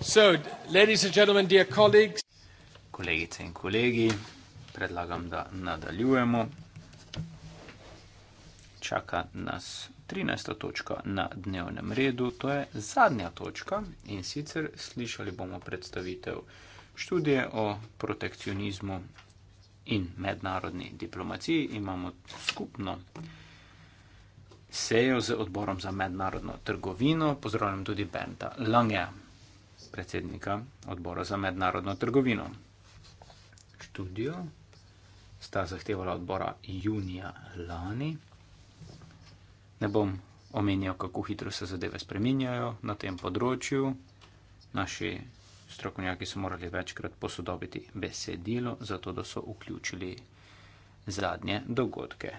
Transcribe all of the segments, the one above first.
So, gentlemen, dear colleagues. Kolegice in kolegi, predlagam, da nadaljujemo. Čaka nas 13. točka na dnevnem redu, to je zadnja točka in sicer slišali bomo predstavitev študije o protekcionizmu in mednarodni diplomaciji. Imamo skupno sejo z odborom za mednarodno trgovino. Pozdravljam tudi Benta Langea predsednika odbora za mednarodno trgovino. Študijo sta zahtevala odbora junija lani. Ne bom omenjal, kako hitro se zadeve spreminjajo na tem področju. Naši strokovnjaki so morali večkrat posodobiti besedilo, zato da so vključili zadnje dogodke.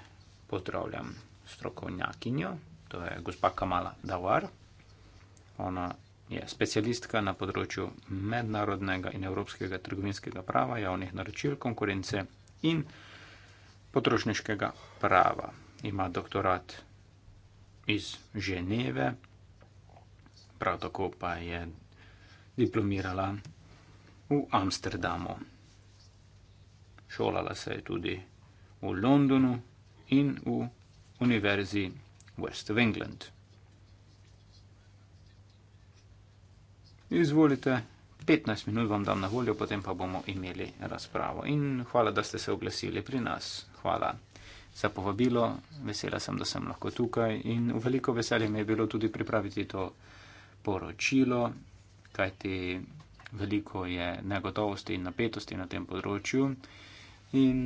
Pozdravljam strokovnjakinjo, to je gospa Kamala Dawar. Ona je specialistka na področju mednarodnega in evropskega trgovinskega prava, javnih naročil, konkurence in potrošniškega prava. Ima doktorat iz Ženeve, prav tako pa je diplomirala v Amsterdamu. Šolala se je tudi v Londonu in v Univerzi West of England. Izvolite, 15 minut vam dam na voljo, potem pa bomo imeli razpravo. In hvala, da ste se oglasili pri nas. Hvala za povabilo, vesela sem, da sem lahko tukaj in veliko veselje mi je bilo tudi pripraviti to poročilo, kajti veliko je negotovosti in napetosti na tem področju. In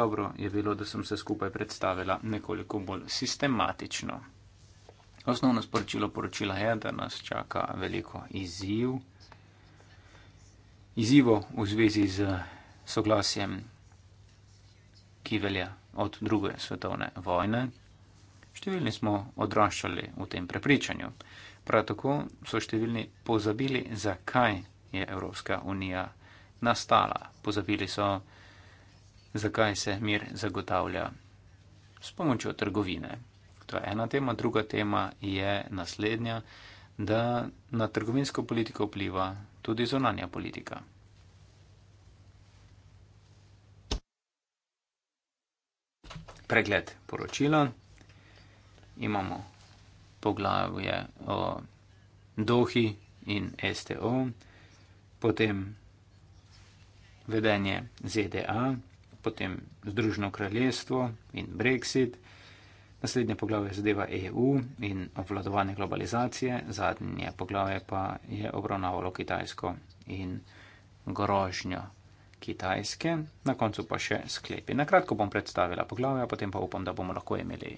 dobro je bilo, da sem se skupaj predstavila nekoliko bolj sistematično. Osnovno sporočilo poročila je, da nas čaka veliko izziv. Izzivo v zvezi z soglasjem, ki velja od druge svetovne vojne. Številni smo odraščali v tem prepričanju. Prav tako so številni pozabili, zakaj je Evropska unija nastala. Pozabili so, zakaj se mir zagotavlja s pomočjo trgovine. To je ena tema. Druga tema je naslednja, da na trgovinsko politiko vpliva tudi zonanja politika. Pregled poročila. Imamo poglavje o Dohi in STO, potem vedenje ZDA, potem Združeno kraljestvo in Brexit. Naslednje poglavje zadeva EU in obvladovanje globalizacije, zadnje poglavje pa je obravnavalo Kitajsko in grožnjo Kitajske. Na koncu pa še sklepi. Na kratko bom predstavila poglavje, potem pa upam, da bomo lahko imeli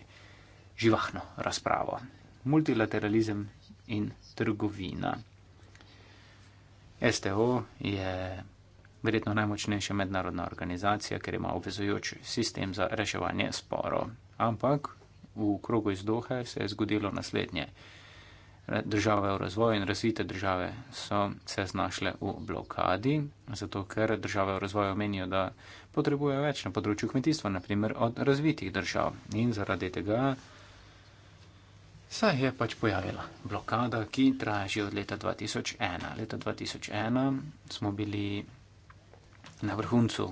živahno razpravo. Multilateralizem in trgovina. STO je verjetno najmočnejša mednarodna organizacija, ker ima obvezujoč sistem za reševanje sporov. Ampak v krogu iz Doha se je zgodilo naslednje. Države v razvoju in razvite države so se znašle v blokadi, zato ker države v razvoju menijo, da potrebujejo več na področju kmetijstva, naprimer od razvitih držav. In zaradi tega se je pač pojavila blokada, ki traja že od leta 2001. Leta 2001 smo bili na vrhuncu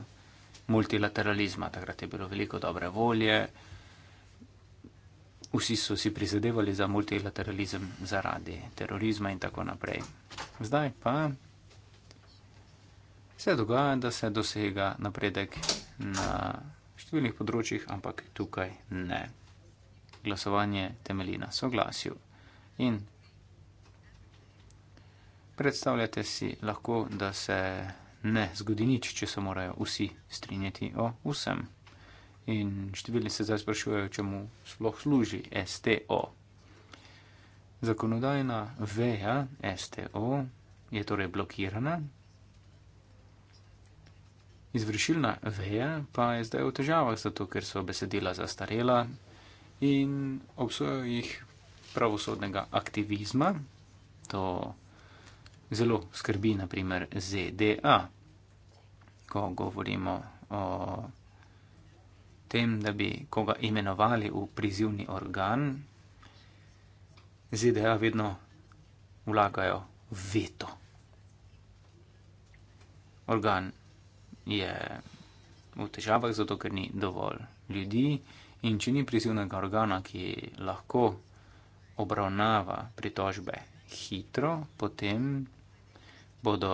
multilateralizma, takrat je bilo veliko dobre volje vsi so si prizadevali za multilateralizem zaradi terorizma in tako naprej. Zdaj pa se dogaja, da se dosega napredek na številnih področjih, ampak tukaj ne. Glasovanje temelji na soglasju in predstavljate si lahko, da se ne zgodi nič, če se morajo vsi strinjati o vsem. In številni se zdaj sprašujejo, čemu sploh služi STO. Zakonodajna veja STO je torej blokirana, izvršilna veja pa je zdaj v težavah, zato ker so besedila zastarela in obsojajo jih pravosodnega aktivizma. To zelo skrbi, naprimer, ZDA, ko govorimo o tem, da bi koga imenovali v prizivni organ, ZDA vedno vlagajo veto. Organ je v težavah, zato ker ni dovolj ljudi in če ni prizivnega organa, ki lahko obravnava pritožbe hitro, potem bodo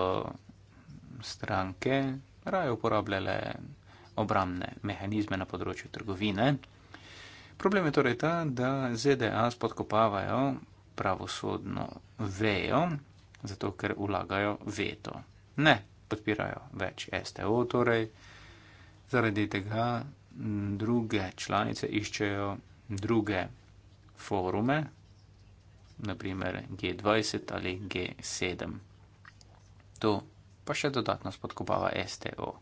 stranke raje uporabljale obramne mehanizme na področju trgovine. Problem je torej ta, da ZDA spodkopavajo pravosodno vejo, zato ker vlagajo veto. Ne podpirajo več STO, torej zaradi tega druge članice iščejo druge forume, naprimer G20 ali G7. To pa še dodatno spodkopava STO.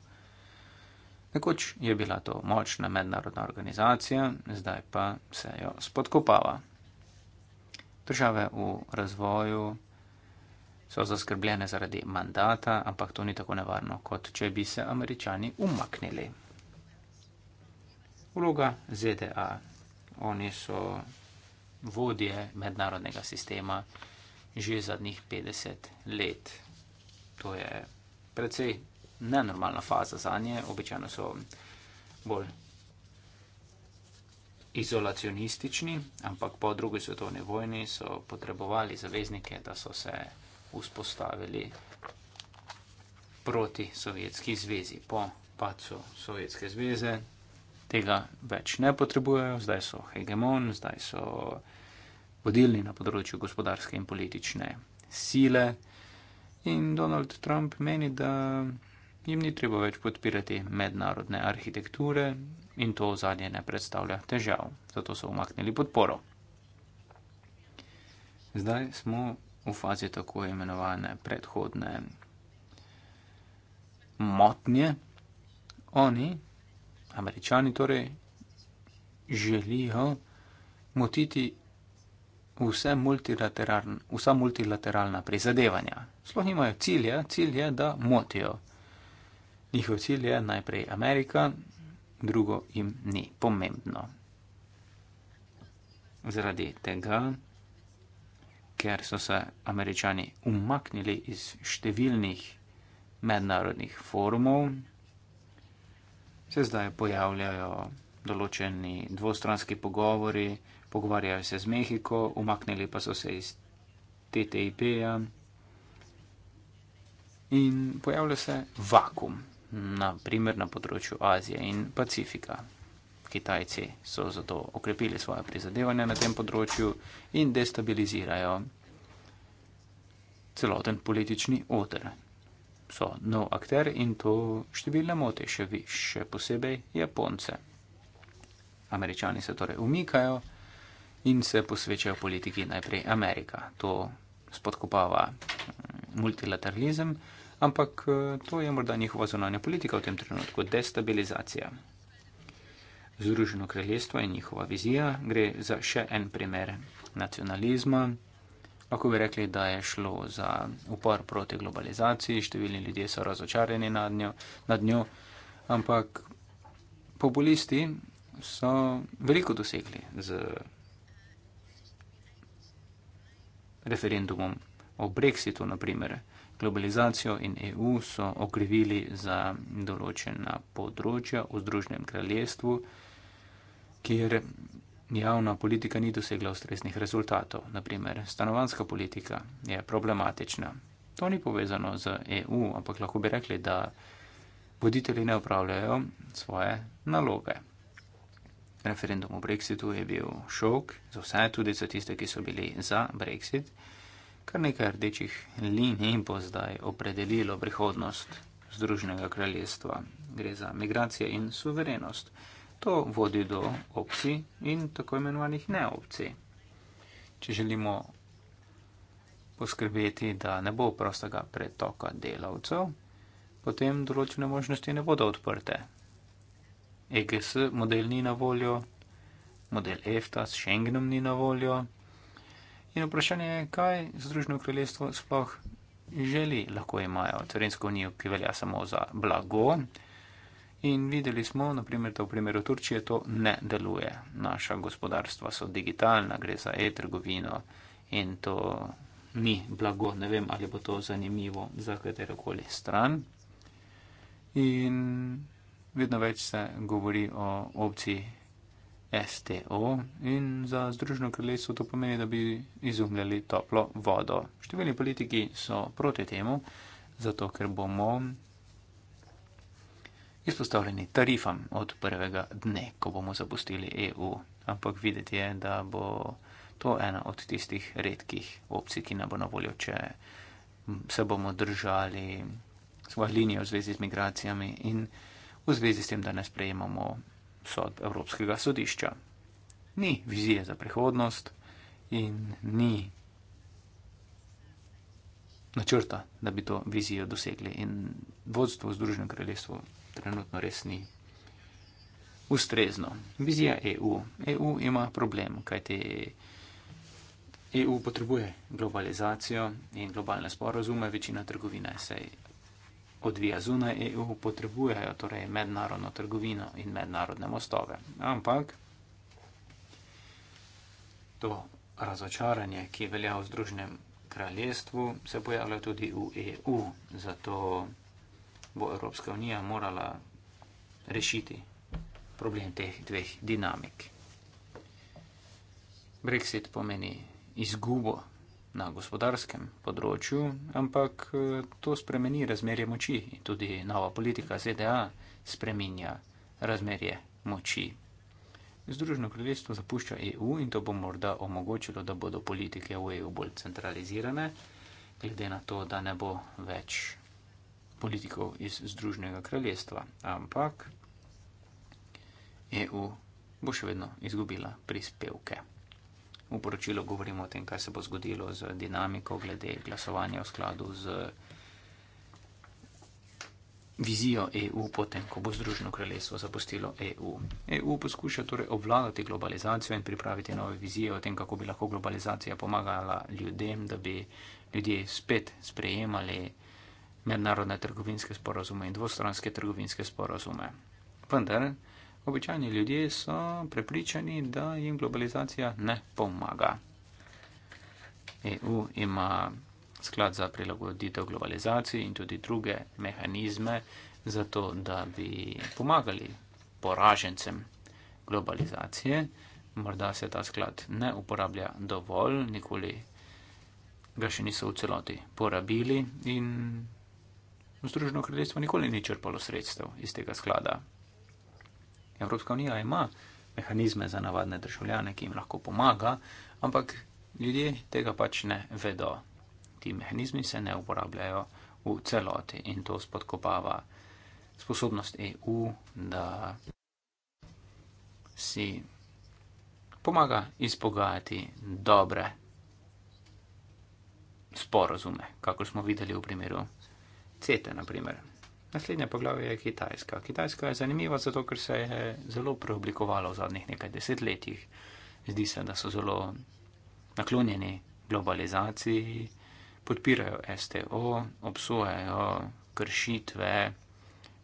Nekoč je bila to močna mednarodna organizacija, zdaj pa se jo spodkopava. Države v razvoju so zaskrbljene zaradi mandata, ampak to ni tako nevarno, kot če bi se američani umaknili. Vloga ZDA. Oni so vodje mednarodnega sistema že zadnjih 50 let. To je precej nenormalna faza za nje, običajno so bolj izolacionistični, ampak po drugi svetovni vojni so potrebovali zaveznike, da so se vzpostavili proti Sovjetski zvezi. Po pacu Sovjetske zveze tega več ne potrebujejo, zdaj so hegemon, zdaj so vodilni na področju gospodarske in politične sile. In Donald Trump meni, da jim ni treba več podpirati mednarodne arhitekture in to zadnje ne predstavlja težav. Zato so umaknili podporo. Zdaj smo v fazi tako imenovane predhodne motnje. Oni, američani torej, želijo motiti vse multilateralna, vsa multilateralna prizadevanja. Sploh nimajo cilja, cilj je, da motijo njihov cilj je najprej Amerika, drugo jim ni pomembno. Zaradi tega, ker so se američani umaknili iz številnih mednarodnih forumov, se zdaj pojavljajo določeni dvostranski pogovori, pogovarjajo se z Mehiko, umaknili pa so se iz TTIP-ja in pojavlja se vakum na primer na področju Azije in Pacifika. Kitajci so zato okrepili svoje prizadevanja na tem področju in destabilizirajo celoten politični oder. So nov akter in to številne mote še više, posebej Japonce. Američani se torej umikajo in se posvečajo politiki najprej Amerika. To spodkopava multilateralizem ampak eh, to je morda njihova zunanja politika v tem trenutku, destabilizacija. Združeno kraljestvo in njihova vizija gre za še en primer nacionalizma. Lahko bi rekli, da je šlo za upor proti globalizaciji, številni ljudje so razočarjeni nad njo, nad njo ampak populisti so veliko dosegli z referendumom o brexitu, naprimer. Globalizacijo in EU so okrivili za določena področja v Združenem kraljestvu, kjer javna politika ni dosegla ustreznih rezultatov. Naprimer, stanovanska politika je problematična. To ni povezano z EU, ampak lahko bi rekli, da voditelji ne upravljajo svoje naloge. Referendum o brexitu je bil šok za vse, tudi za tiste, ki so bili za brexit kar nekaj rdečih linij bo zdaj opredelilo prihodnost Združenega kraljestva. Gre za migracije in suverenost. To vodi do opcij in tako imenovanih neopcij. Če želimo poskrbeti, da ne bo prostega pretoka delavcev, potem določene možnosti ne bodo odprte. EGS model ni na voljo, model EFTA s Schengenom ni na voljo, In vprašanje je, kaj Združeno kraljestvo sploh želi, lahko imajo carinsko unijo, ki velja samo za blago. In videli smo, naprimer, da v primeru Turčije to ne deluje. Naša gospodarstva so digitalna, gre za e-trgovino in to ni blago. Ne vem, ali bo to zanimivo za katero koli stran. In vedno več se govori o opciji STO in za Združeno kraljestvo to pomeni, da bi izumljali toplo vodo. Številni politiki so proti temu, zato ker bomo izpostavljeni tarifam od prvega dne, ko bomo zapustili EU. Ampak videti je, da bo to ena od tistih redkih opcij, ki nam bo na voljo, če se bomo držali svoje linije v zvezi z migracijami in v zvezi s tem, da ne sprejemamo sodb Evropskega sodišča. Ni vizije za prihodnost in ni načrta, da bi to vizijo dosegli. In vodstvo v Združenem kraljestvu trenutno res ni ustrezno. Vizija EU. EU ima problem, kajti EU potrebuje globalizacijo in globalne sporozume, večina trgovine se je odvija zunaj EU, potrebujejo torej mednarodno trgovino in mednarodne mostove. Ampak to razočaranje, ki velja v Združenem kraljestvu, se pojavlja tudi v EU. Zato bo Evropska unija morala rešiti problem teh dveh dinamik. Brexit pomeni izgubo na gospodarskem področju, ampak eh, to spremeni razmerje moči in tudi nova politika ZDA spreminja razmerje moči. Združeno kraljestvo zapušča EU in to bo morda omogočilo, da bodo politike v EU bolj centralizirane, glede na to, da ne bo več politikov iz Združenega kraljestva. Ampak EU bo še vedno izgubila prispevke v poročilu govorimo o tem, kaj se bo zgodilo z dinamiko glede glasovanja v skladu z vizijo EU, potem ko bo Združeno kraljestvo zapustilo EU. EU poskuša torej obvladati globalizacijo in pripraviti nove vizije o tem, kako bi lahko globalizacija pomagala ljudem, da bi ljudje spet sprejemali mednarodne trgovinske sporazume in dvostranske trgovinske sporazume. Vendar, Običajni ljudje so prepričani, da jim globalizacija ne pomaga. EU ima sklad za prilagoditev globalizaciji in tudi druge mehanizme, zato da bi pomagali poražencem globalizacije. Morda se ta sklad ne uporablja dovolj, nikoli ga še niso v celoti porabili in Združeno kraljestvo nikoli ni črpalo sredstev iz tega sklada. Evropska unija ima mehanizme za navadne državljane, ki jim lahko pomaga, ampak ljudje tega pač ne vedo. Ti mehanizmi se ne uporabljajo v celoti in to spodkopava sposobnost EU, da si pomaga izpogajati dobre sporozume, kako smo videli v primeru CETE, na primer. Naslednje poglavje je Kitajska. Kitajska je zanimiva zato, ker se je zelo preoblikovala v zadnjih nekaj desetletjih. Zdi se, da so zelo naklonjeni globalizaciji, podpirajo STO, obsojajo kršitve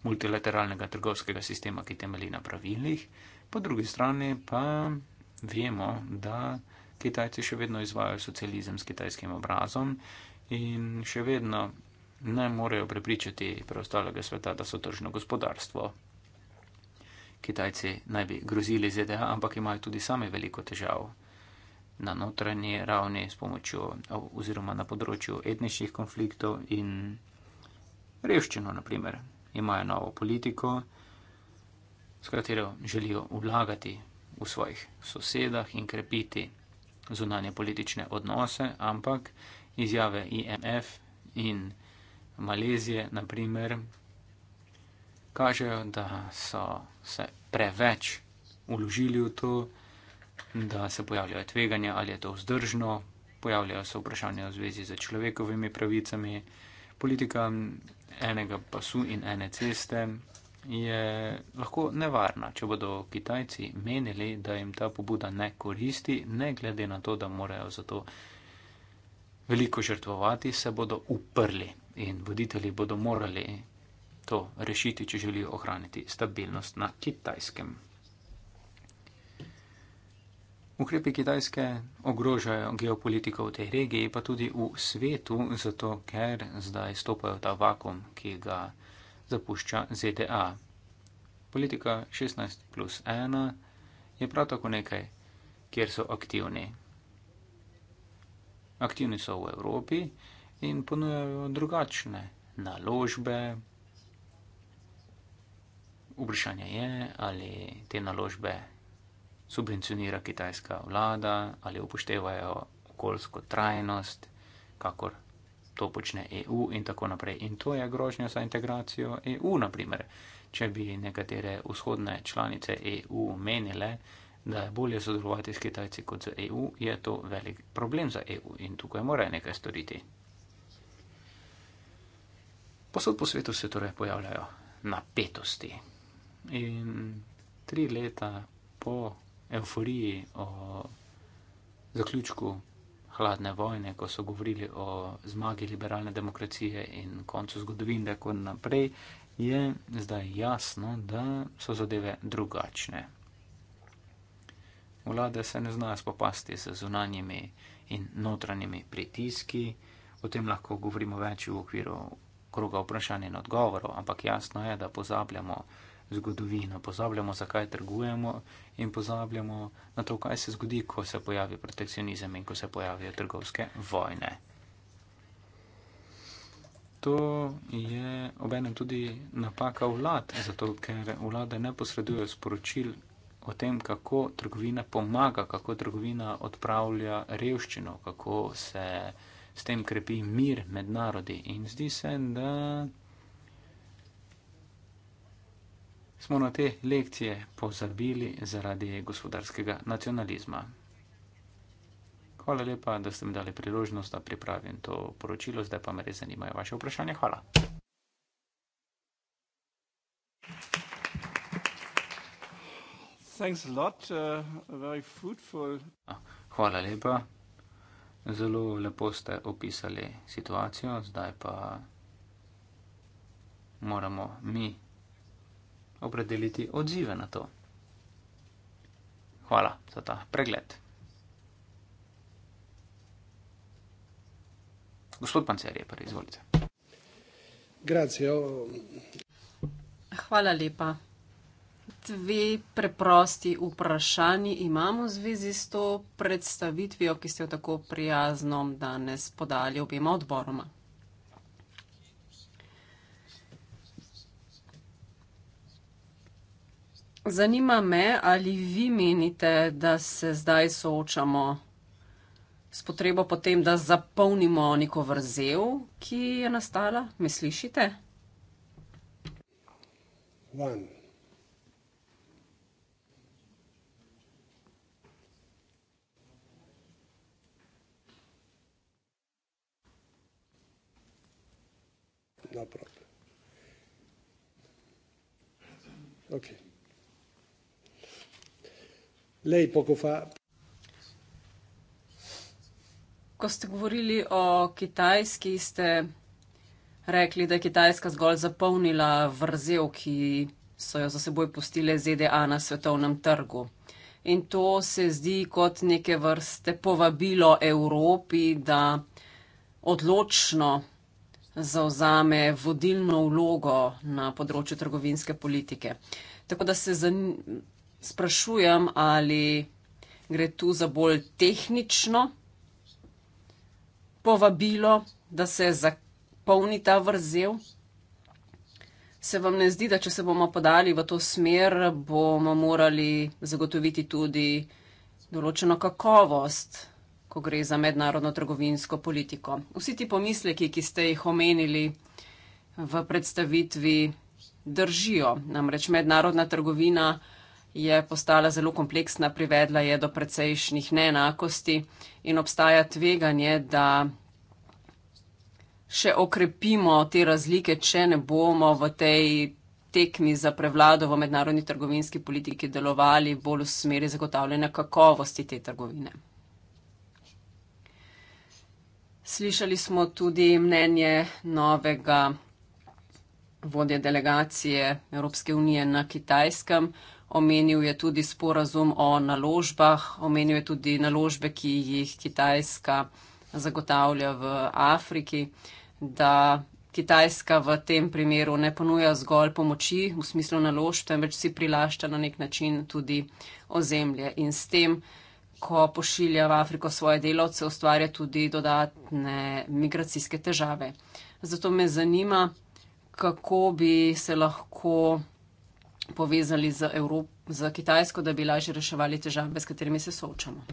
multilateralnega trgovskega sistema, ki temelji na pravilih, po drugi strani pa vemo, da Kitajci še vedno izvajo socializem s kitajskim obrazom in še vedno ne morejo prepričati preostalega sveta, da so tržno gospodarstvo. Kitajci naj bi grozili ZDA, ampak imajo tudi sami veliko težav na notranji ravni s pomočjo oziroma na področju etničnih konfliktov in revščino, naprimer. Imajo novo politiko, s katero želijo vlagati v svojih sosedah in krepiti zunanje politične odnose, ampak izjave IMF in Malezije, naprimer, kažejo, da so se preveč uložili v to, da se pojavljajo tveganja, ali je to vzdržno, pojavljajo se vprašanja v zvezi z človekovimi pravicami. Politika enega pasu in ene ceste je lahko nevarna, če bodo Kitajci menili, da jim ta pobuda ne koristi, ne glede na to, da morajo za to veliko žrtvovati, se bodo uprli in voditelji bodo morali to rešiti, če želijo ohraniti stabilnost na kitajskem. Ukrepi kitajske ogrožajo geopolitiko v tej regiji, pa tudi v svetu, zato ker zdaj stopajo ta vakum, ki ga zapušča ZDA. Politika 16 plus 1 je prav tako nekaj, kjer so aktivni. Aktivni so v Evropi, in ponujajo drugačne naložbe. Vprašanje je, ali te naložbe subvencionira kitajska vlada, ali upoštevajo okoljsko trajnost, kakor to počne EU in tako naprej. In to je grožnja za integracijo EU, naprimer. Če bi nekatere vzhodne članice EU menile, da je bolje sodelovati s Kitajci kot z EU, je to velik problem za EU in tukaj mora nekaj storiti. Posod po svetu se torej pojavljajo napetosti. In tri leta po euforiji o zaključku hladne vojne, ko so govorili o zmagi liberalne demokracije in koncu zgodovine, tako naprej, je zdaj jasno, da so zadeve drugačne. Vlade se ne znajo spopasti z zunanjimi in notranjimi pritiski, o tem lahko govorimo več v okviru kroga vprašanj in odgovorov, ampak jasno je, da pozabljamo zgodovino, pozabljamo, zakaj trgujemo in pozabljamo na to, kaj se zgodi, ko se pojavi protekcionizem in ko se pojavijo trgovske vojne. To je obenem tudi napaka vlad, zato ker vlade ne posredujejo sporočil o tem, kako trgovina pomaga, kako trgovina odpravlja revščino, kako se s tem krepi mir med narodi. In zdi se, da smo na te lekcije pozabili zaradi gospodarskega nacionalizma. Hvala lepa, da ste mi dali priložnost, da pripravim to poročilo, zdaj pa me res zanimajo vaše vprašanje. Hvala. Uh, ah, hvala lepa. Zelo lepo ste opisali situacijo, zdaj pa moramo mi opredeliti odzive na to. Hvala za ta pregled. Gospod Pancer je prvi, izvolite. Grazie. Hvala lepa dve preprosti vprašanji imamo v zvezi s to predstavitvijo, ki ste jo tako prijazno danes podali obima odboroma. Zanima me, ali vi menite, da se zdaj soočamo s potrebo potem, da zapolnimo neko vrzel, ki je nastala? Me slišite? One. no problem. Ok. Lei poco fa. Ko ste govorili o Kitajski, ste rekli, da je Kitajska zgolj zapolnila vrzel, ki so jo za seboj pustile ZDA na svetovnem trgu. In to se zdi kot neke vrste povabilo Evropi, da odločno zauzame vodilno vlogo na področju trgovinske politike. Tako da se sprašujem, ali gre tu za bolj tehnično povabilo, da se zapolni ta vrzel. Se vam ne zdi, da če se bomo podali v to smer, bomo morali zagotoviti tudi določeno kakovost ko gre za mednarodno trgovinsko politiko. Vsi ti pomisleki, ki ste jih omenili v predstavitvi, držijo. Namreč mednarodna trgovina je postala zelo kompleksna, privedla je do precejšnjih neenakosti in obstaja tveganje, da še okrepimo te razlike, če ne bomo v tej tekmi za prevlado v mednarodni trgovinski politiki delovali bolj v smeri zagotavljanja kakovosti te trgovine. Slišali smo tudi mnenje novega vodje delegacije Evropske unije na Kitajskem. Omenil je tudi sporazum o naložbah, omenil je tudi naložbe, ki jih Kitajska zagotavlja v Afriki, da Kitajska v tem primeru ne ponuja zgolj pomoči v smislu naložb, temveč si prilašča na nek način tudi ozemlje in s tem ko pošilja v Afriko svoje delavce, ustvarja tudi dodatne migracijske težave. Zato me zanima, kako bi se lahko povezali z, Evrop z Kitajsko, da bi lažje reševali težave, s katerimi se soočamo.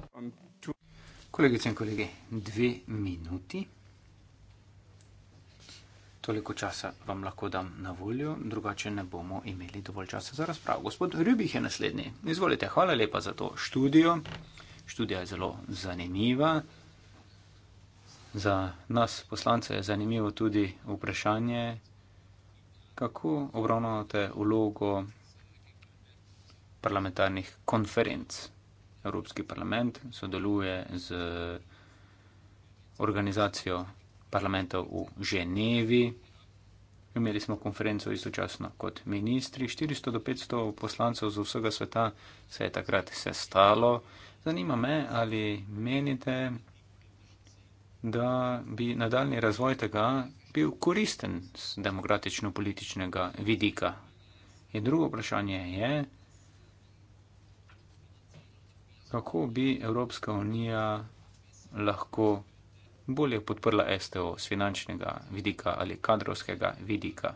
Kolegice in kolege, dve minuti. Toliko časa vam lahko dam na voljo, drugače ne bomo imeli dovolj časa za razpravo. Gospod Rubih je naslednji. Izvolite, hvala lepa za to študijo študija je zelo zanimiva. Za nas poslance je zanimivo tudi vprašanje, kako obravnavate vlogo parlamentarnih konferenc. Evropski parlament sodeluje z organizacijo parlamentov v Ženevi. Imeli smo konferenco istočasno kot ministri. 400 do 500 poslancev z vsega sveta se je takrat sestalo. Zanima me, ali menite, da bi nadaljni razvoj tega bil koristen z demokratično-političnega vidika. In drugo vprašanje je, kako bi Evropska unija lahko bolje podprla STO z finančnega vidika ali kadrovskega vidika.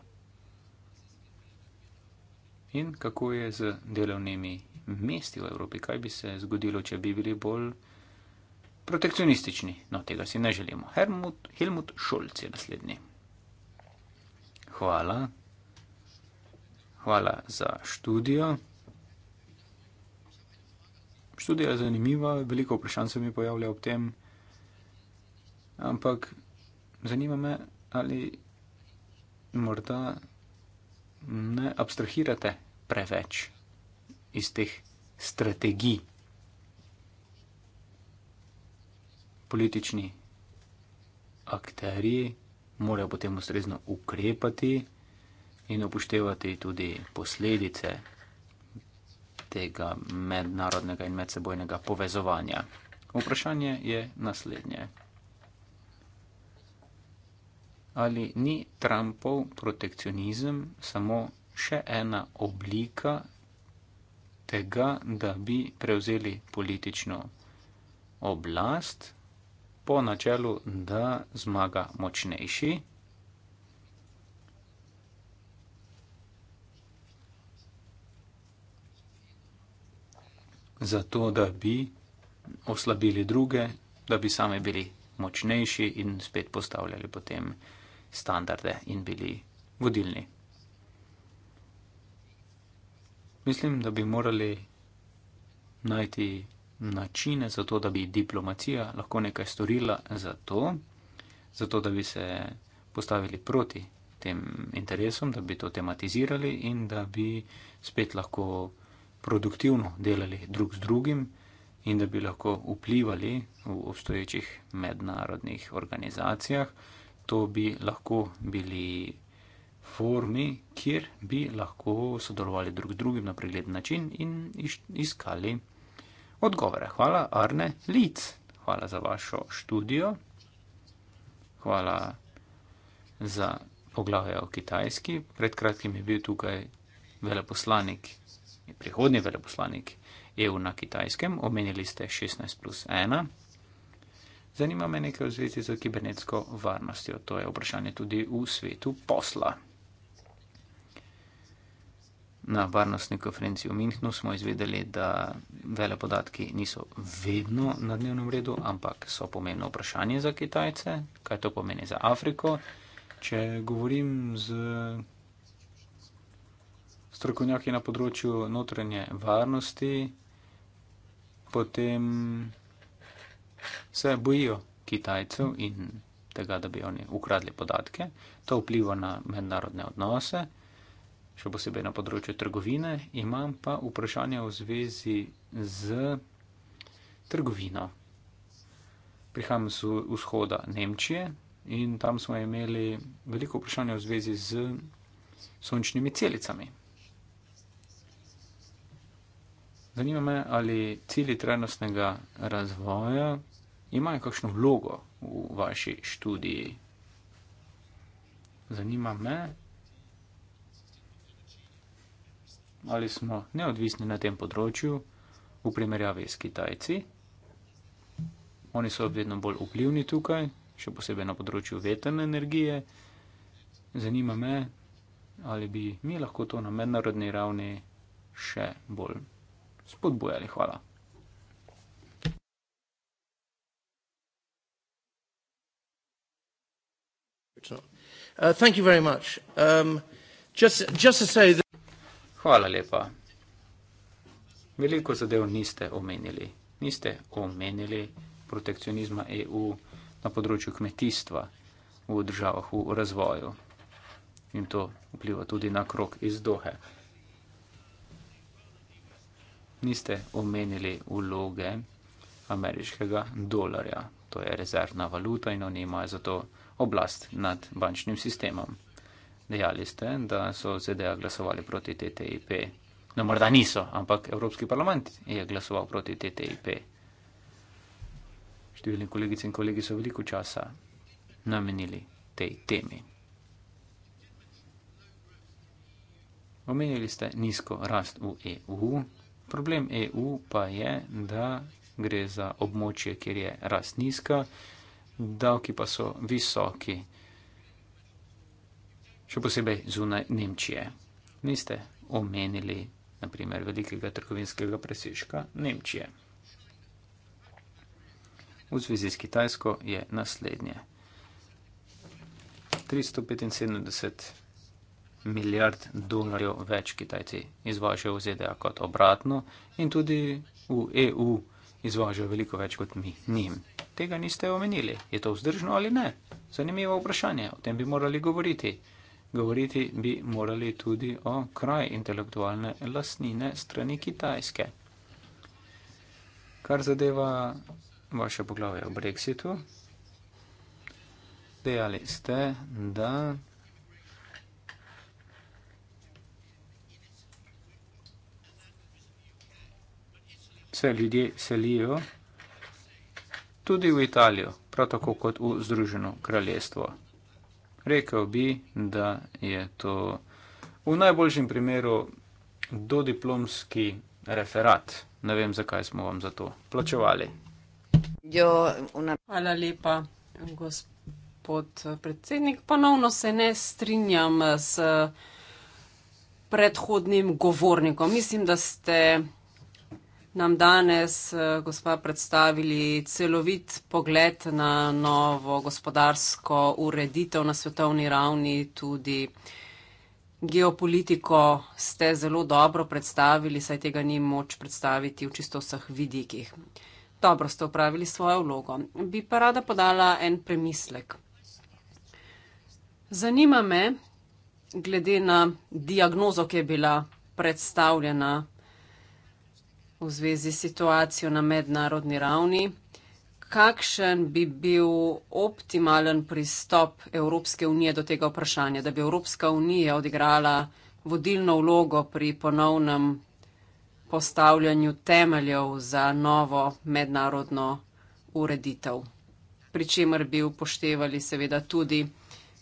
In kako je z delovnimi mesti v Evropi, kaj bi se zgodilo, če bi bili bolj protekcionistični. No, tega si ne želimo. Hermut, Helmut Šolc je naslednji. Hvala. Hvala za študijo. Študija je zanimiva, veliko vprašanj se mi pojavlja ob tem, ampak zanima me, ali morda ne abstrahirate preveč iz teh strategij. Politični akteri morajo potem ustrezno ukrepati in upoštevati tudi posledice tega mednarodnega in medsebojnega povezovanja. Vprašanje je naslednje. Ali ni Trumpov protekcionizem samo še ena oblika tega, da bi prevzeli politično oblast po načelu, da zmaga močnejši. Zato, da bi oslabili druge, da bi sami bili močnejši in spet postavljali potem standarde in bili vodilni. Mislim, da bi morali najti načine za to, da bi diplomacija lahko nekaj storila za to, za to, da bi se postavili proti tem interesom, da bi to tematizirali in da bi spet lahko produktivno delali drug z drugim in da bi lahko vplivali v obstoječih mednarodnih organizacijah. To bi lahko bili formi, kjer bi lahko sodelovali drug drugim na pregled način in iskali odgovore. Hvala, Arne Lid. Hvala za vašo študijo. Hvala za poglavje o kitajski. Pred kratkim je bil tukaj veleposlanik, prihodnji veleposlanik EU na kitajskem. Omenili ste 16 plus 1. Zanima me nekaj v zvezi z kibernetsko varnostjo. To je vprašanje tudi v svetu posla. Na varnostni konferenci v Münchnu smo izvedeli, da vele podatki niso vedno na dnevnem redu, ampak so pomembno vprašanje za Kitajce, kaj to pomeni za Afriko. Če govorim z strokovnjaki na področju notranje varnosti, potem se bojijo Kitajcev in tega, da bi oni ukradli podatke. To vpliva na mednarodne odnose še posebej na področju trgovine, imam pa vprašanje v zvezi z trgovino. Prihajam z vzhoda Nemčije in tam smo imeli veliko vprašanje v zvezi z sončnimi celicami. Zanima me, ali cilji trajnostnega razvoja imajo kakšno vlogo v vaši študiji. Zanima me, ali smo neodvisni na tem področju v primerjavi s Kitajci. Oni so vedno bolj vplivni tukaj, še posebej na področju vetrne energije. Zanima me, ali bi mi lahko to na mednarodni ravni še bolj spodbujali. Hvala. Uh, thank you very much. Um, just, just to say that. Hvala lepa. Veliko zadev niste omenili. Niste omenili protekcionizma EU na področju kmetijstva v državah v razvoju. In to vpliva tudi na krok iz Dohe. Niste omenili vloge ameriškega dolarja. To je rezervna valuta in oni imajo zato oblast nad bančnim sistemom dejali ste, da so ZDA glasovali proti TTIP. No, morda niso, ampak Evropski parlament je glasoval proti TTIP. Številni kolegice in kolegi so veliko časa namenili tej temi. Omenili ste nizko rast v EU. Problem EU pa je, da gre za območje, kjer je rast nizka, davki pa so visoki še posebej zunaj Nemčije. Niste omenili, naprimer, velikega trgovinskega presežka Nemčije. V zvezi s Kitajsko je naslednje. 375 milijard dolarjev več Kitajci izvažajo v ZDA kot obratno in tudi v EU izvažajo veliko več kot mi njim. Tega niste omenili. Je to vzdržno ali ne? Zanimivo vprašanje. O tem bi morali govoriti. Govoriti bi morali tudi o kraj intelektualne lasnine strani Kitajske. Kar zadeva vaše poglavje o Brexitu, dejali ste, da se ljudje selijo tudi v Italijo, prav tako kot v Združeno kraljestvo. Rekl bi, da je to v najboljšem primeru dodiplomski referat. Ne vem, zakaj smo vam za to plačevali. Jo, una... Hvala lepa, gospod predsednik. Ponovno se ne strinjam s predhodnim govornikom. Mislim, da ste nam danes, eh, gospa, predstavili celovit pogled na novo gospodarsko ureditev na svetovni ravni, tudi geopolitiko ste zelo dobro predstavili, saj tega ni moč predstaviti v čisto vseh vidikih. Dobro ste upravili svojo vlogo. Bi pa rada podala en premislek. Zanima me, glede na diagnozo, ki je bila predstavljena v zvezi s situacijo na mednarodni ravni. Kakšen bi bil optimalen pristop Evropske unije do tega vprašanja, da bi Evropska unija odigrala vodilno vlogo pri ponovnem postavljanju temeljev za novo mednarodno ureditev, pri čemer bi upoštevali seveda tudi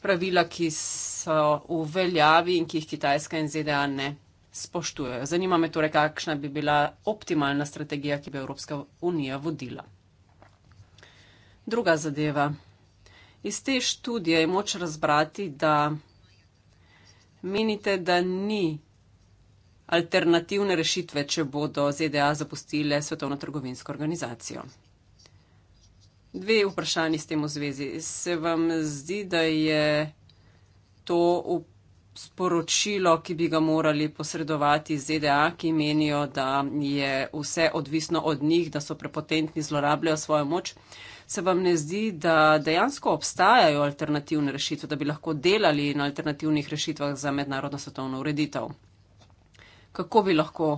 pravila, ki so v veljavi in ki jih Kitajska in ZDA ne spoštujejo. Zanima me torej, kakšna bi bila optimalna strategija, ki bi Evropska unija vodila. Druga zadeva. Iz te študije je moč razbrati, da menite, da ni alternativne rešitve, če bodo ZDA zapustile Svetovno trgovinsko organizacijo. Dve vprašanji s tem v zvezi. Se vam zdi, da je to v sporočilo, ki bi ga morali posredovati ZDA, ki menijo, da je vse odvisno od njih, da so prepotentni, zlorabljajo svojo moč. Se vam ne zdi, da dejansko obstajajo alternativne rešitve, da bi lahko delali na alternativnih rešitvah za mednarodno svetovno ureditev? Kako bi lahko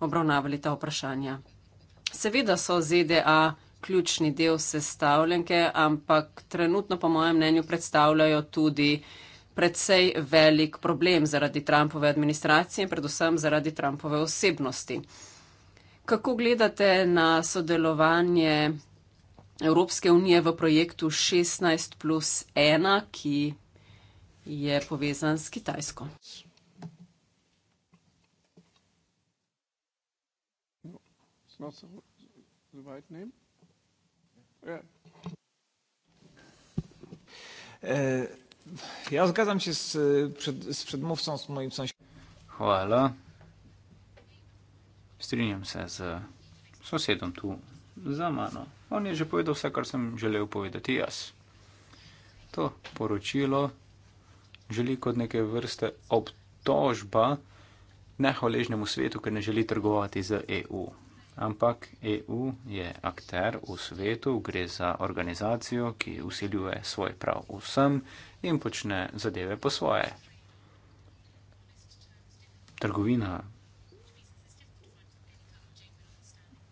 obravnavali ta vprašanja? Seveda so ZDA ključni del sestavljenke, ampak trenutno, po mojem mnenju, predstavljajo tudi predvsej velik problem zaradi Trumpove administracije in predvsem zaradi Trumpove osebnosti. Kako gledate na sodelovanje Evropske unije v projektu 16 plus 1, ki je povezan s Kitajsko? Uh, Ja zgadzam się z, przed, z przedmówcą, z moim sąsiadem. Hola. Strinjam se z sąsiadem tu za mano. On je že povedal vse, kar sem želel povedati jaz. To poročilo želi kot neke vrste obtožba nehvaležnemu svetu, ker ne želi trgovati z EU. Ampak EU je akter v svetu, gre za organizacijo, ki usiljuje svoj prav vsem, in počne zadeve po svoje. Trgovina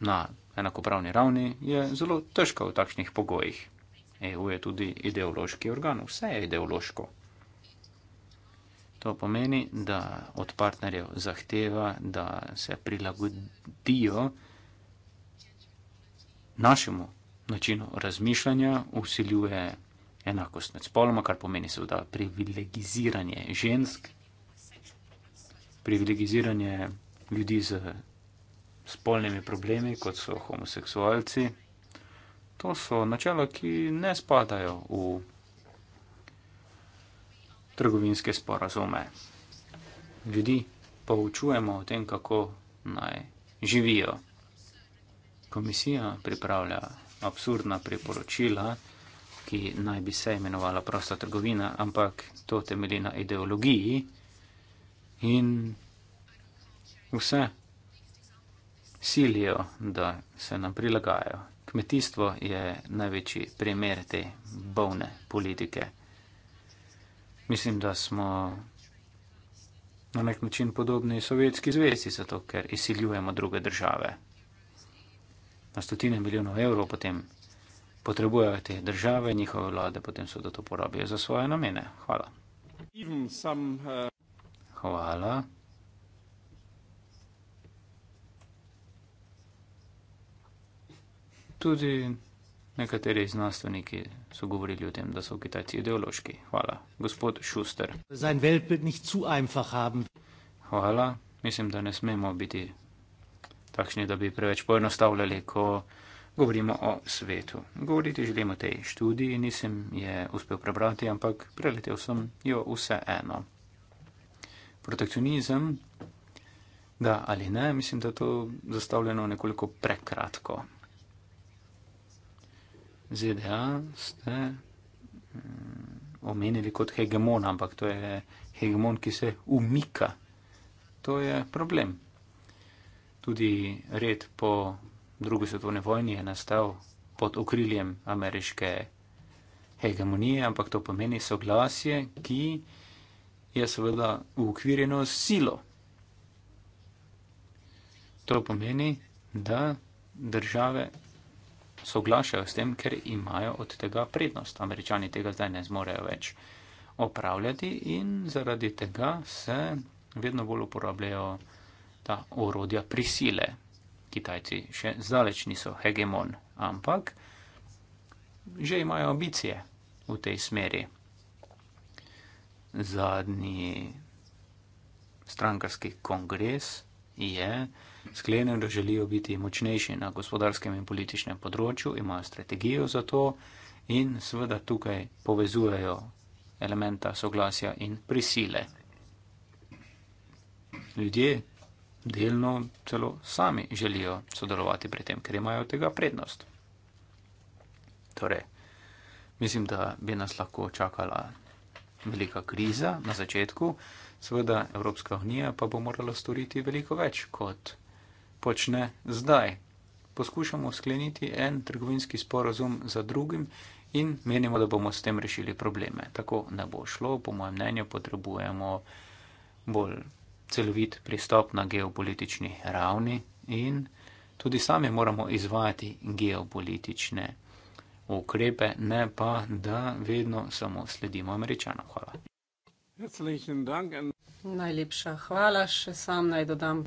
na enakopravni ravni je zelo težka v takšnih pogojih. EU je tudi ideološki organ, vse je ideološko. To pomeni, da od partnerjev zahteva, da se prilagodijo našemu načinu razmišljanja, usiljuje enakost med spoloma, kar pomeni seveda privilegiziranje žensk, privilegiziranje ljudi z spolnimi problemi, kot so homoseksualci. To so načela, ki ne spadajo v trgovinske sporazume. Ljudi pa učujemo o tem, kako naj živijo. Komisija pripravlja absurdna priporočila, ki naj bi se imenovala prosta trgovina, ampak to temelji na ideologiji in vse silijo, da se nam prilagajajo. Kmetijstvo je največji primer te bovne politike. Mislim, da smo na nek način podobni Sovjetski zvezi, zato ker izsiljujemo druge države. Na stotine milijonov evrov potem potrebujejo te države, njihove vlade, potem so da to porabijo za svoje namene. Hvala. Uh, Hvala. Tudi nekateri znanstveniki so govorili o tem, da so Kitajci ideološki. Hvala. Gospod Schuster. Hvala. Mislim, da ne smemo biti takšni, da bi preveč poenostavljali, ko govorimo o svetu. Govoriti želimo tej študiji, nisem je uspel prebrati, ampak preletel sem jo vse eno. Protekcionizem, da ali ne, mislim, da to zastavljeno nekoliko prekratko. ZDA ste mm, omenili kot hegemon, ampak to je hegemon, ki se umika. To je problem. Tudi red po drugi svetovni vojni je nastal pod okriljem ameriške hegemonije, ampak to pomeni soglasje, ki je seveda ukvirjeno s silo. To pomeni, da države soglašajo s tem, ker imajo od tega prednost. Američani tega zdaj ne zmorejo več opravljati in zaradi tega se vedno bolj uporabljajo ta orodja prisile, Kitajci še zdaleč niso hegemon, ampak že imajo ambicije v tej smeri. Zadnji strankarski kongres je sklenil, da želijo biti močnejši na gospodarskem in političnem področju, imajo strategijo za to in seveda tukaj povezujejo elementa soglasja in prisile. Ljudje, delno celo sami želijo sodelovati pri tem, ker imajo tega prednost. Torej, mislim, da bi nas lahko čakala velika kriza na začetku, seveda Evropska unija pa bo morala storiti veliko več, kot počne zdaj. Poskušamo skleniti en trgovinski sporozum za drugim in menimo, da bomo s tem rešili probleme. Tako ne bo šlo, po mojem mnenju potrebujemo bolj celovit pristop na geopolitični ravni in tudi sami moramo izvajati geopolitične ukrepe, ne pa da vedno samo sledimo američanom. Hvala. Najlepša hvala. Še sam naj dodam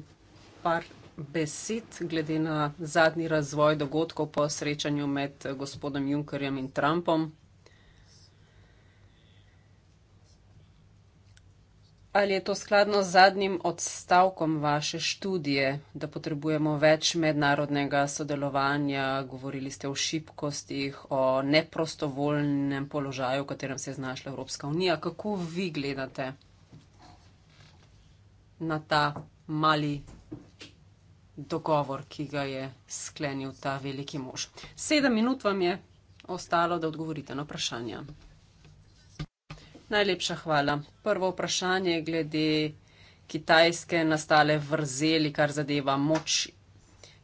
par besed glede na zadnji razvoj dogodkov po srečanju med gospodom Junkerjem in Trumpom. Ali je to skladno z zadnjim odstavkom vaše študije, da potrebujemo več mednarodnega sodelovanja? Govorili ste o šibkostih, o neprostovoljnem položaju, v katerem se je znašla Evropska unija. Kako vi gledate na ta mali dogovor, ki ga je sklenil ta veliki mož? Sedem minut vam je ostalo, da odgovorite na vprašanja. Najlepša hvala. Prvo vprašanje glede kitajske nastale vrzeli, kar zadeva moč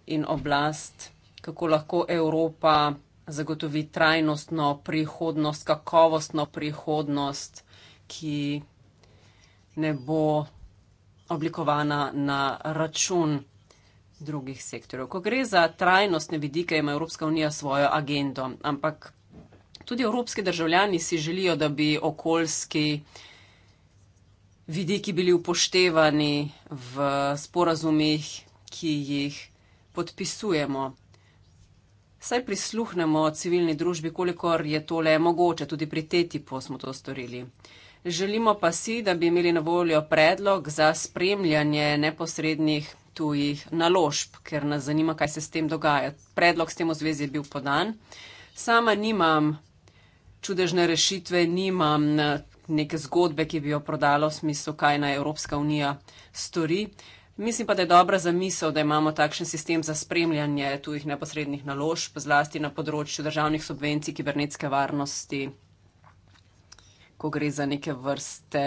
in oblast, kako lahko Evropa zagotovi trajnostno prihodnost, kakovostno prihodnost, ki ne bo oblikovana na račun drugih sektorjev. Ko gre za trajnostne vidike, ima Evropska unija svojo agendo, ampak tudi evropski državljani si želijo, da bi okoljski vidiki bili upoštevani v sporazumih, ki jih podpisujemo. Saj prisluhnemo civilni družbi, kolikor je tole mogoče, tudi pri TTIP-u smo to storili. Želimo pa si, da bi imeli na voljo predlog za spremljanje neposrednih tujih naložb, ker nas zanima, kaj se s tem dogaja. Predlog s tem v zvezi je bil podan. Sama nimam čudežne rešitve, nimam eh, neke zgodbe, ki bi jo prodala v smislu, kaj naj Evropska unija stori. Mislim pa, da je dobra zamisel, da imamo takšen sistem za spremljanje tujih neposrednih naložb, zlasti na področju državnih subvencij kibernetske varnosti, ko gre za neke vrste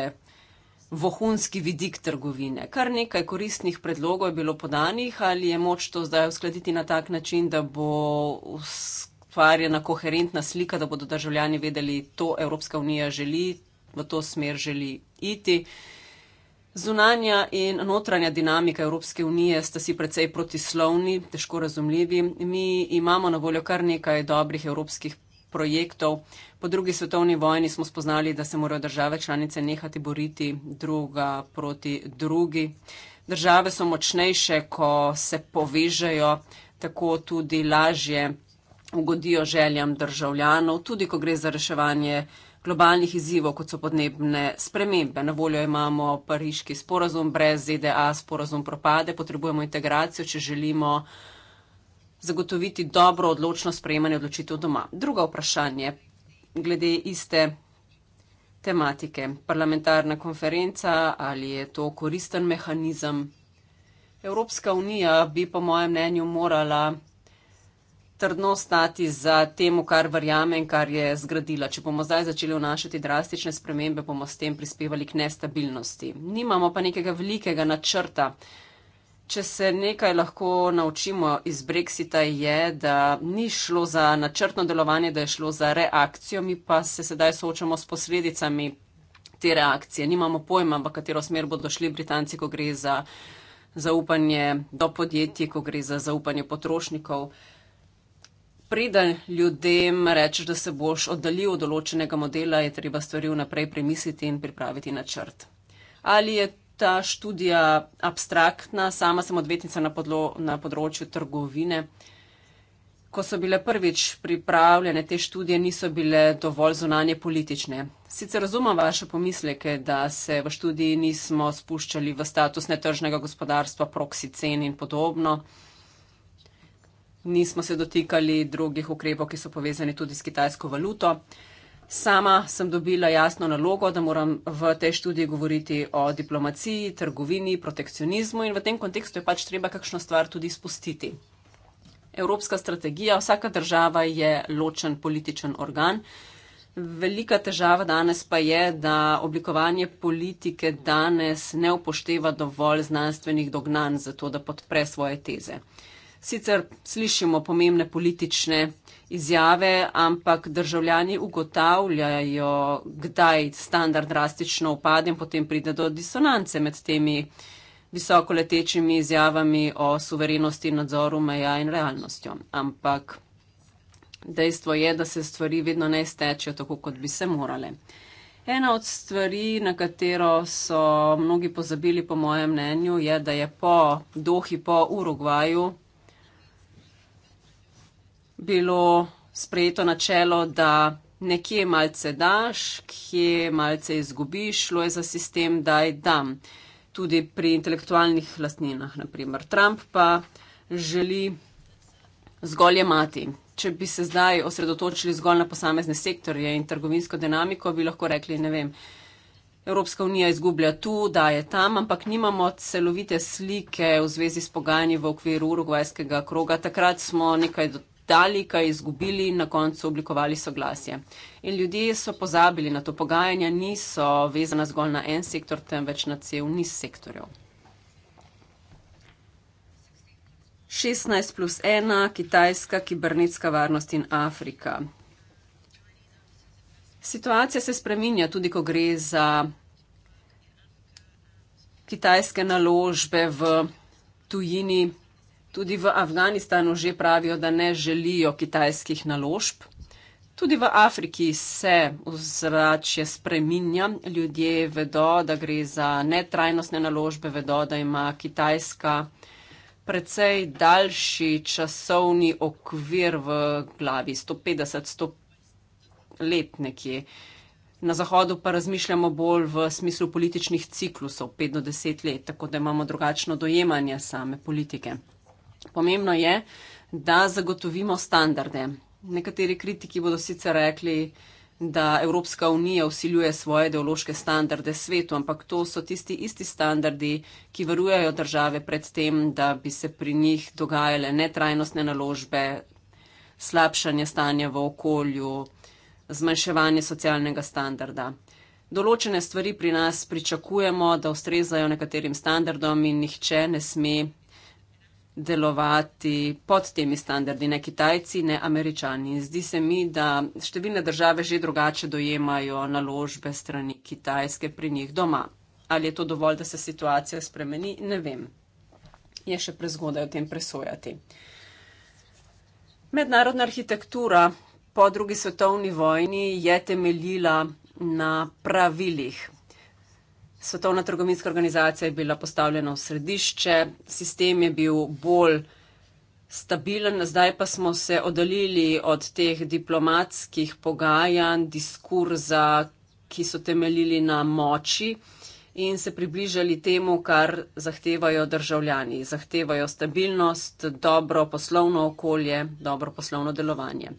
vohunski vidik trgovine. Kar nekaj koristnih predlogov je bilo podanih, ali je moč to zdaj uskladiti na tak način, da bo vse ustvarjena koherentna slika, da bodo državljani vedeli, to Evropska unija želi, v to smer želi iti. Zunanja in notranja dinamika Evropske unije sta si precej protislovni, težko razumljivi. Mi imamo na voljo kar nekaj dobrih evropskih projektov. Po drugi svetovni vojni smo spoznali, da se morajo države članice nehati boriti druga proti drugi. Države so močnejše, ko se povežejo, tako tudi lažje ugodijo željam državljanov, tudi ko gre za reševanje globalnih izzivov, kot so podnebne spremembe. Na voljo imamo pariški sporazum, brez ZDA sporazum propade, potrebujemo integracijo, če želimo zagotoviti dobro odločno sprejemanje odločitev doma. Druga vprašanje glede iste tematike. Parlamentarna konferenca, ali je to koristen mehanizem? Evropska unija bi po mojem mnenju morala trdno stati za tem, kar verjame in kar je zgradila. Če bomo zdaj začeli vnašati drastične spremembe, bomo s tem prispevali k nestabilnosti. Nimamo pa nekega velikega načrta. Če se nekaj lahko naučimo iz Brexita, je, da ni šlo za načrtno delovanje, da je šlo za reakcijo, mi pa se sedaj soočamo s posledicami te reakcije. Nimamo pojma, v katero smer bodo šli Britanci, ko gre za zaupanje do podjetij, ko gre za zaupanje potrošnikov preden ljudem rečeš, da se boš oddaljil od določenega modela, je treba stvari vnaprej premisliti in pripraviti načrt. Ali je ta študija abstraktna? Sama sem odvetnica na, podlo, na področju trgovine. Ko so bile prvič pripravljene te študije, niso bile dovolj zunanje politične. Sicer razumem vaše pomisleke, da se v študiji nismo spuščali v status netržnega gospodarstva, proksi cen in podobno nismo se dotikali drugih ukrepov, ki so povezani tudi s kitajsko valuto. Sama sem dobila jasno nalogo, da moram v tej študiji govoriti o diplomaciji, trgovini, protekcionizmu in v tem kontekstu je pač treba kakšno stvar tudi spustiti. Evropska strategija, vsaka država je ločen političen organ. Velika težava danes pa je, da oblikovanje politike danes ne upošteva dovolj znanstvenih dognanj za to, da podpre svoje teze. Uh, Sicer slišimo pomembne politične izjave, ampak državljani ugotavljajo, kdaj standard drastično upade in potem pride do disonance med temi visokoletečimi izjavami o suverenosti in nadzoru meja in realnostjo. Ampak dejstvo je, da se stvari vedno ne stečejo tako, kot bi se morale. Ena od stvari, na katero so mnogi pozabili, po mojem mnenju, je, da je po Dohi, po Urugvaju bilo sprejeto načelo, da nekje malce daš, kje malce izgubiš, šlo je za sistem, da je dam. Tudi pri intelektualnih lastninah, naprimer Trump pa želi zgolj imati. Če bi se zdaj osredotočili zgolj na posamezne sektorje in trgovinsko dinamiko, bi lahko rekli, ne vem, Evropska unija izgublja tu, da je tam, ampak nimamo celovite slike v zvezi s pogajanji v okviru urugvajskega kroga. Takrat smo nekaj dali, kaj izgubili, na koncu oblikovali soglasje. In ljudje so pozabili na to pogajanje, niso vezana zgolj na en sektor, temveč na cel niz sektorjev. 16 plus 1, Kitajska, kibernetska varnost in Afrika. Situacija se spreminja tudi, ko gre za kitajske naložbe v tujini. Tudi v Afganistanu že pravijo, da ne želijo kitajskih naložb. Tudi v Afriki se vzračje spreminja, ljudje vedo, da gre za netrajnostne naložbe, vedo, da ima Kitajska precej daljši časovni okvir v glavi, 150-100 let nekje. Na zahodu pa razmišljamo bolj v smislu političnih ciklusov, 5-10 let, tako da imamo drugačno dojemanje same politike. Pomembno je, da zagotovimo standarde. Nekateri kritiki bodo sicer rekli, da Evropska unija usiljuje svoje ideološke standarde svetu, ampak to so tisti isti standardi, ki varujejo države pred tem, da bi se pri njih dogajale netrajnostne naložbe, slabšanje stanja v okolju, zmanjševanje socialnega standarda. Določene stvari pri nas pričakujemo, da ustrezajo nekaterim standardom in nihče ne sme delovati pod temi standardi, ne Kitajci, ne Američani. Zdi se mi, da številne države že drugače dojemajo naložbe strani Kitajske pri njih doma. Ali je to dovolj, da se situacija spremeni, ne vem. Je še prezgodaj o tem presojati. Mednarodna arhitektura po drugi svetovni vojni je temeljila na pravilih. Svetovna trgovinska organizacija je bila postavljena v središče, sistem je bil bolj stabilen, zdaj pa smo se oddaljili od teh diplomatskih pogajanj, diskurza, ki so temeljili na moči in se približali temu, kar zahtevajo državljani. Zahtevajo stabilnost, dobro poslovno okolje, dobro poslovno delovanje.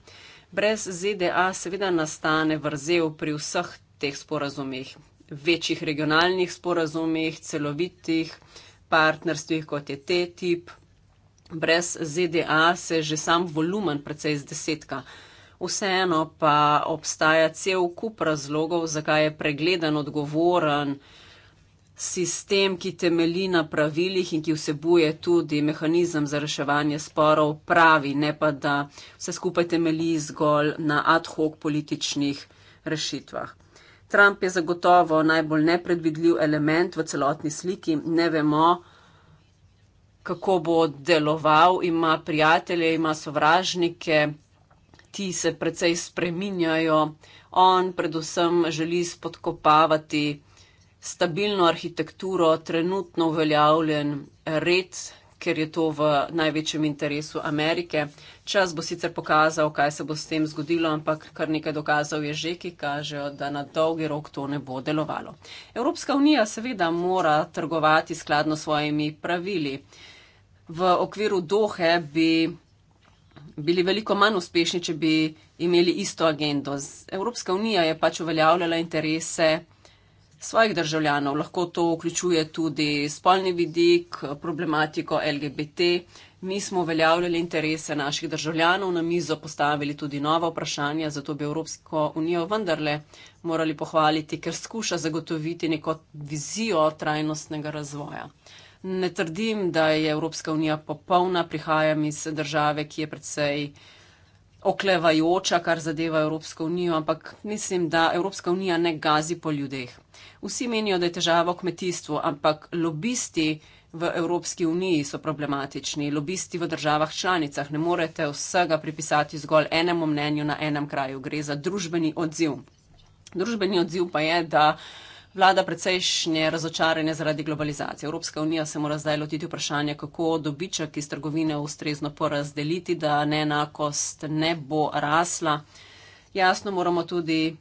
Brez ZDA seveda nastane vrzel pri vseh teh sporazumih večjih regionalnih sporazumih, celovitih partnerstvih, kot je TTIP. Brez ZDA se že sam volumen precej zdesetka. Vseeno pa obstaja cel kup razlogov, zakaj je pregleden, odgovoren sistem, ki temelji na pravilih in ki vsebuje tudi mehanizem za reševanje sporov pravi, ne pa da vse skupaj temelji zgolj na ad hoc političnih rešitvah. Trump je zagotovo najbolj nepredvidljiv element v celotni sliki. Ne vemo, kako bo deloval. Ima prijatelje, ima sovražnike, ti se precej spreminjajo. On predvsem želi spodkopavati stabilno arhitekturo, trenutno uveljavljen red ker je to v največjem interesu Amerike. Čas bo sicer pokazal, kaj se bo s tem zgodilo, ampak kar nekaj dokazov je že, ki kažejo, da na dolgi rok to ne bo delovalo. Evropska unija seveda mora trgovati skladno s svojimi pravili. V okviru Dohe bi bili veliko manj uspešni, če bi imeli isto agendo. Evropska unija je pač uveljavljala interese svojih državljanov. Lahko to vključuje tudi spolni vidik, problematiko LGBT. Mi smo uveljavljali interese naših državljanov, na mizo postavili tudi nova vprašanja, zato bi Evropsko unijo vendarle morali pohvaliti, ker skuša zagotoviti neko vizijo trajnostnega razvoja. Ne trdim, da je Evropska unija popolna, prihajam iz države, ki je predvsej uh, oklevajoča, kar zadeva Evropsko unijo, ampak mislim, da Evropska unija ne gazi po ljudeh. Vsi menijo, da je težava v kmetijstvu, ampak lobisti v Evropski uniji so problematični, lobisti v državah članicah. Ne morete vsega pripisati zgolj enemu mnenju na enem kraju. Gre za družbeni odziv. Družbeni odziv pa je, da vlada precejšnje razočaranje zaradi globalizacije. Evropska unija se mora zdaj lotiti vprašanja, kako dobiček iz trgovine ustrezno porazdeliti, da neenakost ne bo rasla. Jasno moramo tudi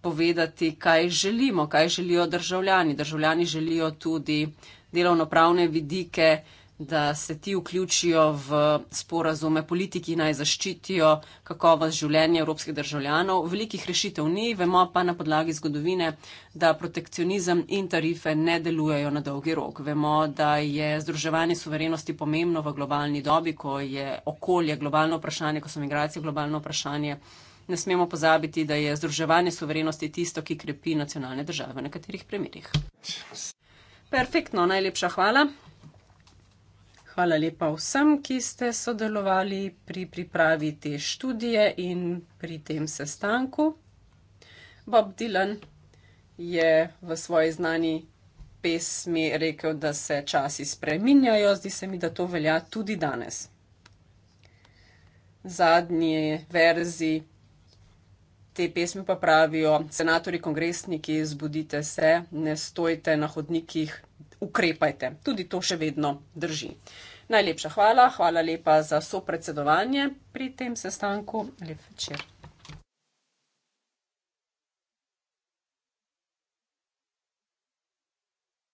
povedati, kaj želimo, kaj želijo državljani. Državljani želijo tudi delovnopravne vidike da se ti vključijo v sporazume politiki, naj zaščitijo kakovost življenja evropskih državljanov. Velikih rešitev ni, vemo pa na podlagi zgodovine, da protekcionizem in tarife ne delujejo na dolgi rok. Vemo, da je združevanje suverenosti pomembno v globalni dobi, ko je okolje globalno vprašanje, ko so migracije globalno vprašanje. Ne smemo pozabiti, da je združevanje suverenosti tisto, ki krepi nacionalne države v nekaterih primerjih. Perfektno, najlepša hvala. Hvala lepa vsem, ki ste sodelovali pri pripravi te študije in pri tem sestanku. Bob Dylan je v svoji znani pesmi rekel, da se časi spreminjajo, zdi se mi, da to velja tudi danes. Zadnje verzi te pesmi pa pravijo, senatori, kongresniki, zbudite se, ne stojte na hodnikih ukrepajte. Tudi to še vedno drži. Najlepša hvala, hvala lepa za sopredsedovanje pri tem sestanku. Lep večer.